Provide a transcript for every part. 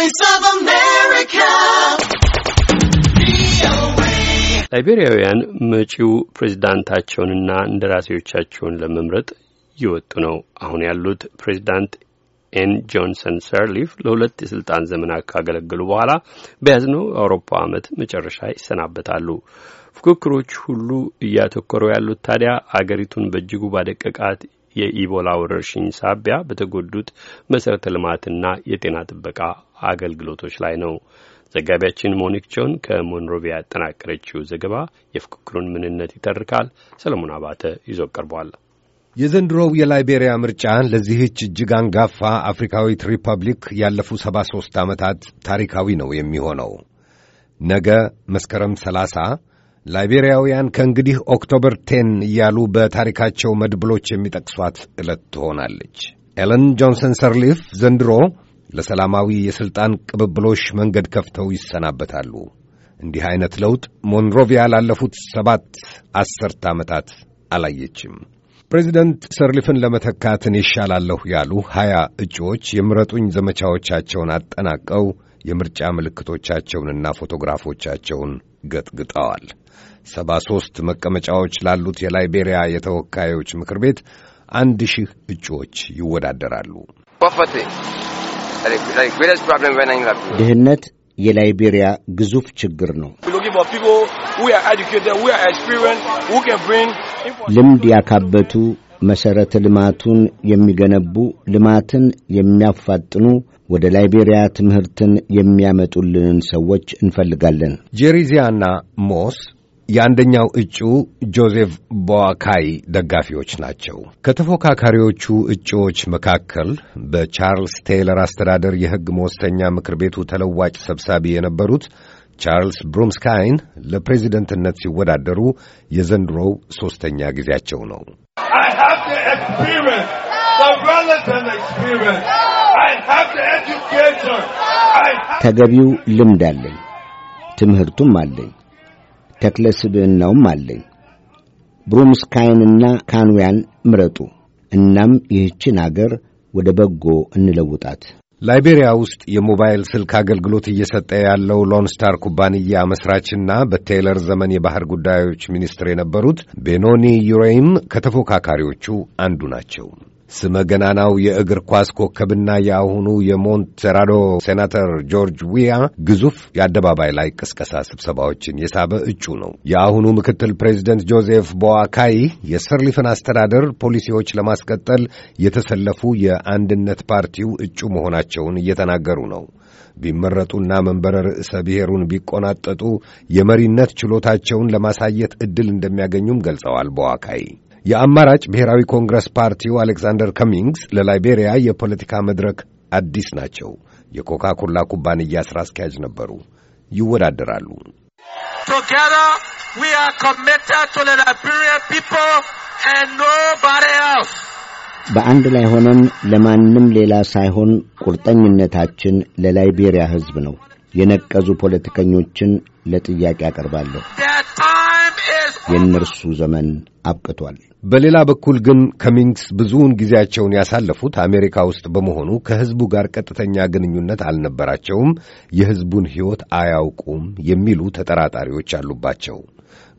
Voice of America. ላይቤሪያውያን መጪው ፕሬዝዳንታቸውንና እንደራሴዎቻቸውን ለመምረጥ እየወጡ ነው። አሁን ያሉት ፕሬዝዳንት ኤን ጆንሰን ሰርሊፍ ለሁለት የስልጣን ዘመናት ካገለገሉ በኋላ በያዝነው የአውሮፓ ዓመት መጨረሻ ይሰናበታሉ። ፉክክሮች ሁሉ እያተኮሩ ያሉት ታዲያ አገሪቱን በእጅጉ ባደቀቃት የኢቦላ ወረርሽኝ ሳቢያ በተጎዱት መሠረተ ልማትና የጤና ጥበቃ አገልግሎቶች ላይ ነው። ዘጋቢያችን ሞኒክ ጆን ከሞንሮቪያ ያጠናቀረችው ዘገባ የፉክክሩን ምንነት ይተርካል። ሰለሞን አባተ ይዞ ቀርቧል። የዘንድሮው የላይቤሪያ ምርጫ ለዚህች እጅግ አንጋፋ አፍሪካዊት ሪፐብሊክ ያለፉ ሰባ ሦስት ዓመታት ታሪካዊ ነው የሚሆነው ነገ መስከረም ሰላሳ ላይቤሪያውያን ከእንግዲህ ኦክቶበር ቴን እያሉ በታሪካቸው መድብሎች የሚጠቅሷት ዕለት ትሆናለች። ኤለን ጆንሰን ሰርሊፍ ዘንድሮ ለሰላማዊ የሥልጣን ቅብብሎሽ መንገድ ከፍተው ይሰናበታሉ። እንዲህ ዐይነት ለውጥ ሞንሮቪያ ላለፉት ሰባት ዐሥርተ ዓመታት አላየችም። ፕሬዚደንት ሰርሊፍን ለመተካት እኔ ያሉ ሀያ እጩዎች የምረጡኝ ዘመቻዎቻቸውን አጠናቀው የምርጫ ምልክቶቻቸውንና ፎቶግራፎቻቸውን ገጥግጠዋል። ሰባ ሦስት መቀመጫዎች ላሉት የላይቤሪያ የተወካዮች ምክር ቤት አንድ ሺህ እጩዎች ይወዳደራሉ። ድህነት የላይቤሪያ ግዙፍ ችግር ነው። ልምድ ያካበቱ መሠረተ ልማቱን የሚገነቡ ልማትን የሚያፋጥኑ ወደ ላይቤሪያ ትምህርትን የሚያመጡልንን ሰዎች እንፈልጋለን። ጄሪዚያና ሞስ የአንደኛው እጩ ጆዜፍ ቦዋካይ ደጋፊዎች ናቸው። ከተፎካካሪዎቹ እጩዎች መካከል በቻርልስ ቴይለር አስተዳደር የሕግ መወሰኛ ምክር ቤቱ ተለዋጭ ሰብሳቢ የነበሩት ቻርልስ ብሩምስካይን ለፕሬዚደንትነት ሲወዳደሩ የዘንድሮው ሦስተኛ ጊዜያቸው ነው። the experience, ተገቢው ልምድ አለኝ፣ ትምህርቱም አለኝ፣ ተክለ ስብዕናውም አለኝ። ብሩምስካይንና ካንውያን ምረጡ። እናም ይህችን አገር ወደ በጎ እንለውጣት። ላይቤሪያ ውስጥ የሞባይል ስልክ አገልግሎት እየሰጠ ያለው ሎንስታር ኩባንያ መስራችና በቴይለር ዘመን የባህር ጉዳዮች ሚኒስትር የነበሩት ቤኖኒ ዩሬይም ከተፎካካሪዎቹ አንዱ ናቸው። ስመገናናው የእግር ኳስ ኮከብና የአሁኑ የሞንቴራዶ ሴናተር ጆርጅ ዊያ ግዙፍ የአደባባይ ላይ ቅስቀሳ ስብሰባዎችን የሳበ እጩ ነው። የአሁኑ ምክትል ፕሬዚደንት ጆዜፍ ቦዋካይ የሰርሊፍን አስተዳደር ፖሊሲዎች ለማስቀጠል የተሰለፉ የአንድነት ፓርቲው እጩ መሆናቸውን እየተናገሩ ነው። ቢመረጡና መንበረ ርዕሰ ብሔሩን ቢቆናጠጡ የመሪነት ችሎታቸውን ለማሳየት ዕድል እንደሚያገኙም ገልጸዋል ቦዋካይ የአማራጭ ብሔራዊ ኮንግረስ ፓርቲው አሌክዛንደር ከሚንግስ ለላይቤሪያ የፖለቲካ መድረክ አዲስ ናቸው። የኮካ ኮላ ኩባንያ ሥራ አስኪያጅ ነበሩ። ይወዳደራሉ። በአንድ ላይ ሆነን ለማንም ሌላ ሳይሆን ቁርጠኝነታችን ለላይቤሪያ ሕዝብ ነው። የነቀዙ ፖለቲከኞችን ለጥያቄ አቀርባለሁ። የእነርሱ ዘመን አብቅቷል። በሌላ በኩል ግን ከሚንግስ ብዙውን ጊዜያቸውን ያሳለፉት አሜሪካ ውስጥ በመሆኑ ከሕዝቡ ጋር ቀጥተኛ ግንኙነት አልነበራቸውም፣ የሕዝቡን ሕይወት አያውቁም የሚሉ ተጠራጣሪዎች አሉባቸው።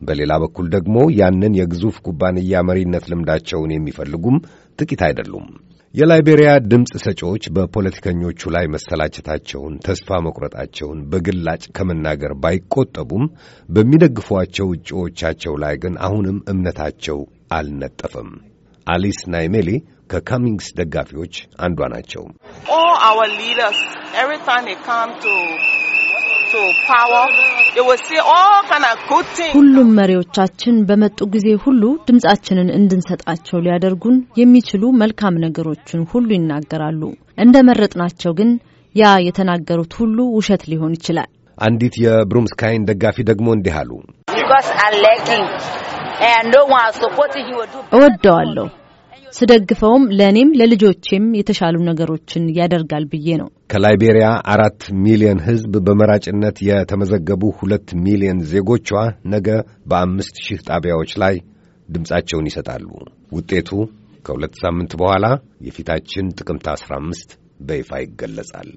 በሌላ በኩል ደግሞ ያንን የግዙፍ ኩባንያ መሪነት ልምዳቸውን የሚፈልጉም ጥቂት አይደሉም። የላይቤሪያ ድምፅ ሰጪዎች በፖለቲከኞቹ ላይ መሰላቸታቸውን፣ ተስፋ መቁረጣቸውን በግላጭ ከመናገር ባይቆጠቡም በሚደግፏቸው እጩዎቻቸው ላይ ግን አሁንም እምነታቸው አልነጠፈም። አሊስ ናይሜሊ ከካሚንግስ ደጋፊዎች አንዷ ናቸው። ሁሉም መሪዎቻችን በመጡ ጊዜ ሁሉ ድምጻችንን እንድንሰጣቸው ሊያደርጉን የሚችሉ መልካም ነገሮችን ሁሉ ይናገራሉ። እንደ መረጥናቸው ግን ያ የተናገሩት ሁሉ ውሸት ሊሆን ይችላል። አንዲት የብሩምስካይን ደጋፊ ደግሞ እንዲህ አሉ። እወደዋለሁ ስደግፈውም ለእኔም ለልጆቼም የተሻሉ ነገሮችን ያደርጋል ብዬ ነው። ከላይቤሪያ አራት ሚሊዮን ሕዝብ በመራጭነት የተመዘገቡ ሁለት ሚሊዮን ዜጎቿ ነገ በአምስት ሺህ ጣቢያዎች ላይ ድምፃቸውን ይሰጣሉ። ውጤቱ ከሁለት ሳምንት በኋላ የፊታችን ጥቅምት አስራ አምስት በይፋ ይገለጻል።